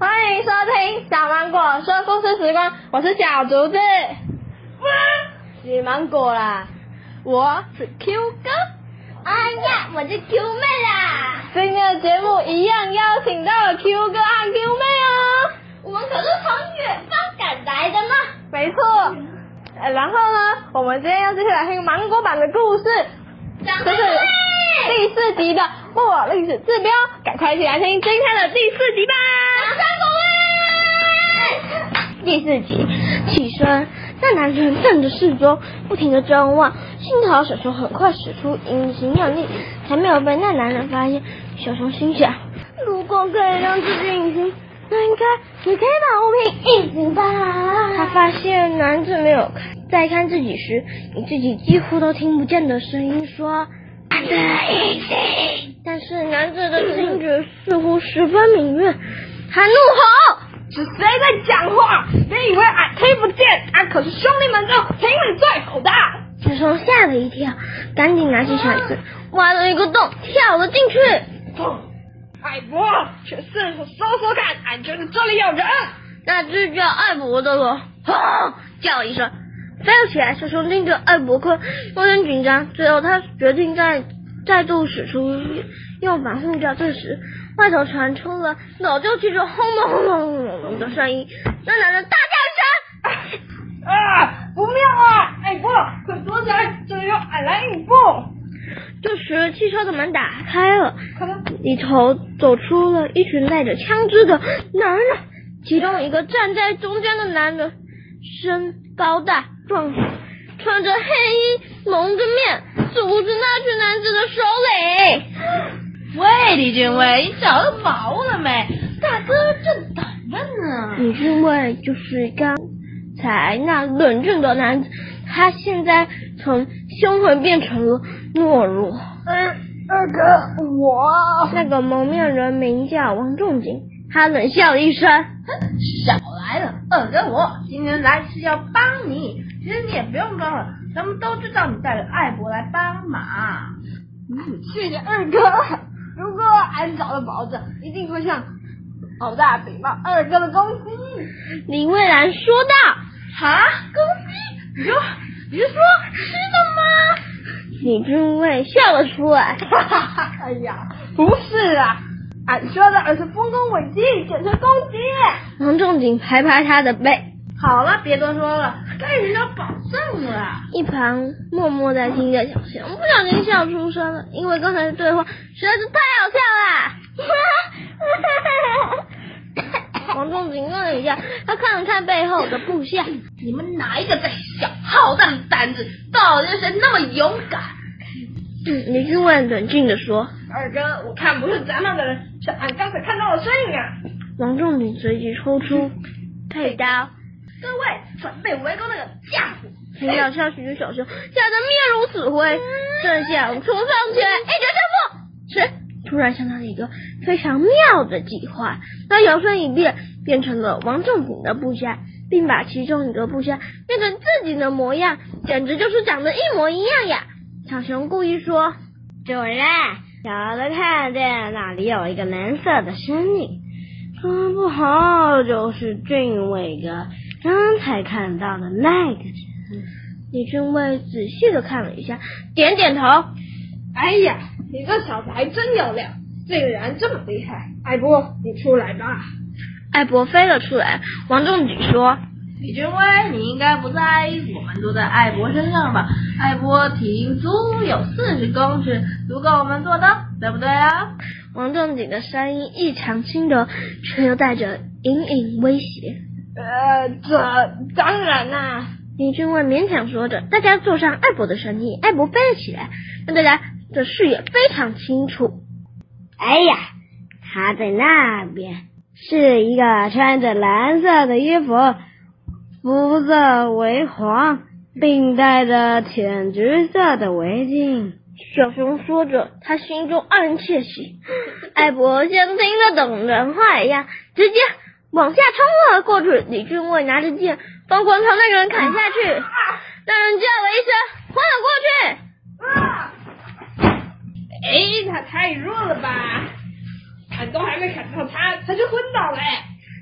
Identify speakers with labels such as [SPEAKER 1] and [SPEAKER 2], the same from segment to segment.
[SPEAKER 1] 歡迎收聽小芒果說故事時光，我是小竹子。是、嗯、芒果啦，我是 Q 哥。哎呀，我是 Q 妹啦。今天的節目一樣邀請到了 Q 哥和 Q 妹哦、啊。我們可是從遠方趕來的呢。沒錯。嗯、然後呢，我們今天要繼續來聽芒果版的故事，妹妹這是第四集的。布偶的歷史自編，趕快一起來聽今天的第四集吧！啊啊、第四集，替身。那男人瞪着四周，不停的張望。幸好小熊很快使出隱形能力，才沒有被那男人發現。小熊心想，如果可以讓自己隱形，那應該也可以把物品隱形吧。他發現男子沒有在看自己時，以自己幾乎都聽不見的聲音說：我的隱形。啊啊但是男子的聽覺似乎十分敏銳，他怒吼：“是誰在講話？別以為俺聽不見，俺可是兄弟們中聽力最好的。”小熊嚇了一跳，趕緊拿起鏟子挖了一個洞，跳了進去。艾博去四處搜搜看，俺覺得這裡有人。那只叫艾博的了。吼叫一聲，飛了起來小。小熊盯着艾博克，有點緊張。最後，他決定在。再度使出用防護罩，這時外頭傳出了老舊汽車轟隆轟隆隆的聲音，那男人大叫聲：“啊，不妙啊！”“哎布，快躲起來！”“這裡有俺來應付。”這時汽車的門打開了，裡頭走出了一群帶着槍支的男人，其中一個站在中間的男人身高大壯。穿着黑衣、蒙着面，阻止那群男子的首領。喂，李俊威，你找到寶了沒？大哥，正等着呢。李俊威就是剛才那冷峻的男子，他現在從凶狠變成了懦弱。嗯，二哥，我……那個蒙面人名叫王仲景，他冷笑了一聲，哼，少來了。二哥，我今天來是要幫你。其實你也不用裝了，咱們都知道你帶着艾博來幫忙。謝謝、嗯、二哥，如果俺找到寶藏，一定會向老大稟報二哥的功績。林蔚然說道。哈，功績？你說，你說吃的嗎？李中尉笑了出來。哈哈，哎呀，不是啊，俺說的而是豐功偉績，簡稱功績。王仲景拍拍他的背。好了，別多說了。被人當寶藏啊，一旁默默在聽的小熊，我不小心笑出聲了，因為剛才的對話實在是太好笑了。 王仲景愣了一下，他看了看背後的部下， 你們哪一個在笑？好大的膽子，到底是誰那麼勇敢？李俊萬冷靜的說：“二哥，我看不是咱們的人，是俺、嗯、剛才看到的身影啊。王重”王仲景隨即抽出佩刀。各位準備圍攻那
[SPEAKER 2] 個架子，聽到消
[SPEAKER 1] 息的小熊嚇得面如死灰，嗯、正想衝上去，哎、嗯，將軍不，誰？突然想到了一個非常妙的計劃，他搖身一變，變成了王正平的部下，並把其中一個部下變成自己的模樣，簡直就是長得一模一樣呀！小熊故意說：“主人，小的看見那裡有一個藍色的身影，說不好，就是俊偉哥。剛才看到的那個人，李俊威仔細的看了一下，點點頭。哎呀，你這小子還真有料，竟然這麼厲害！艾波，你出來吧。艾博飛了出來。王仲景說：“李俊威，你應該不在意，我們坐在艾博身上吧？”艾博足足有四十公尺，足夠我們坐的，對不對啊？王仲景的聲音異常輕柔，卻又帶着隱隱威脅。呃，這當然啦。李軍衛勉強說着，大家坐上艾博的身體，艾博飛了起來，讓大家的視野非常清楚。哎呀，他在那邊，是一個穿着藍色的衣服，膚色為黃，並戴着淺橘色的圍巾。小熊說着，他心中暗竊喜，艾博像聽得懂人話一樣，直接。往下衝了過去，李俊衛拿着劍瘋狂朝那個人砍下去，啊、那人叫了一聲，昏了過去。哎、啊，他太弱了吧？砍都還沒砍到他，他就昏倒了。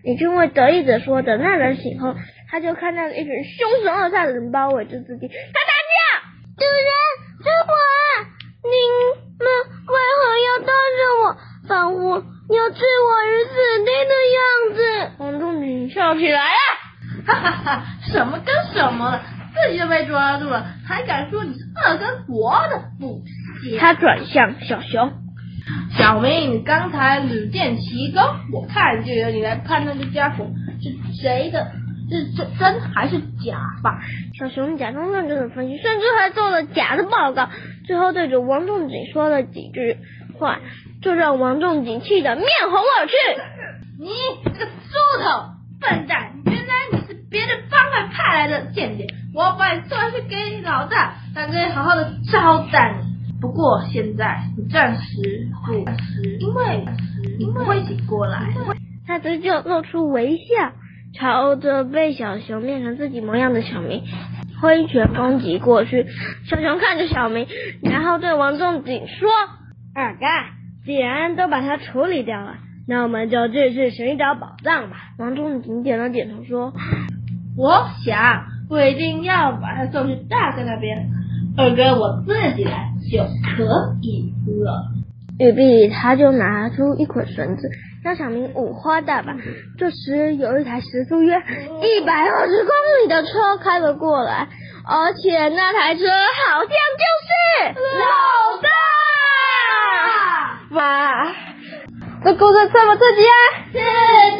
[SPEAKER 1] 李俊衛得意的說：“等那人醒後，他就看到了一群凶神惡煞的人包圍着自己。他打架”他大叫：“主人，救我！你們為何要當着我仿佛。你要置我於死地的樣子，王仲景笑起來，哈哈哈！什麼跟什麼，自己都被抓住了，還敢說你是二跟活的？不，他轉向小熊，小明，你剛才屢建奇功，我看就由你來判斷這家伙是誰的，是真還是假吧。小熊假裝認真分析，甚至還做了假的報告，最後對着王仲景說了幾句話。就讓王仲景氣得面紅耳赤。你這個豬頭笨蛋！原來你是別的幫派派來的間諜。我要把你抓去給你老大，讓爹好好的招待你。不過現在你暫時不會死，因為你不會醒過來。為他嘴角露出微笑，朝着被小熊變成自己模樣的小明揮拳攻擊過去。小熊看着小明，然後對王仲景說：“二哥你。耳”既然都把它處理掉了，那我們就繼續尋找寶藏吧。王中已經點了點頭說：“我想我一定要把它送去大哥那邊，二哥我自己來就可以了。”於是他就拿出一捆繩子，讓小明五花大綁。這時有一台時速約一百二十公里的車開了過來，而且那台車好像就是老大。老大哇，這故事這麼刺激啊！刺激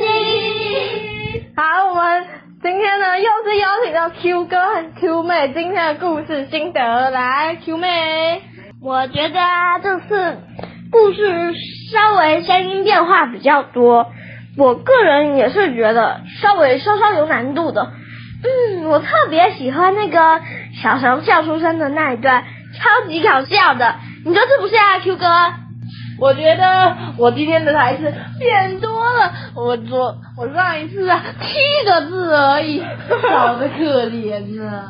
[SPEAKER 1] 己！好，我們今天呢又是邀請到 Q 哥和 Q 妹，今天的故事心得來，Q 妹。我覺得這次故事稍微聲音變化比較多，我個人也是覺得稍微稍稍有難度的。嗯，我特別喜歡那個小熊笑出聲的那一段，超級搞笑的。你說是不是啊，Q 哥？我覺得我今天的台詞變多了，我昨我上一次啊七個字而已，少得可憐啊！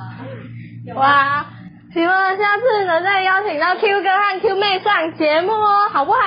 [SPEAKER 1] 哇 吧，希望下次能再邀請到 Q 哥和 Q 妹上節目哦，好不好？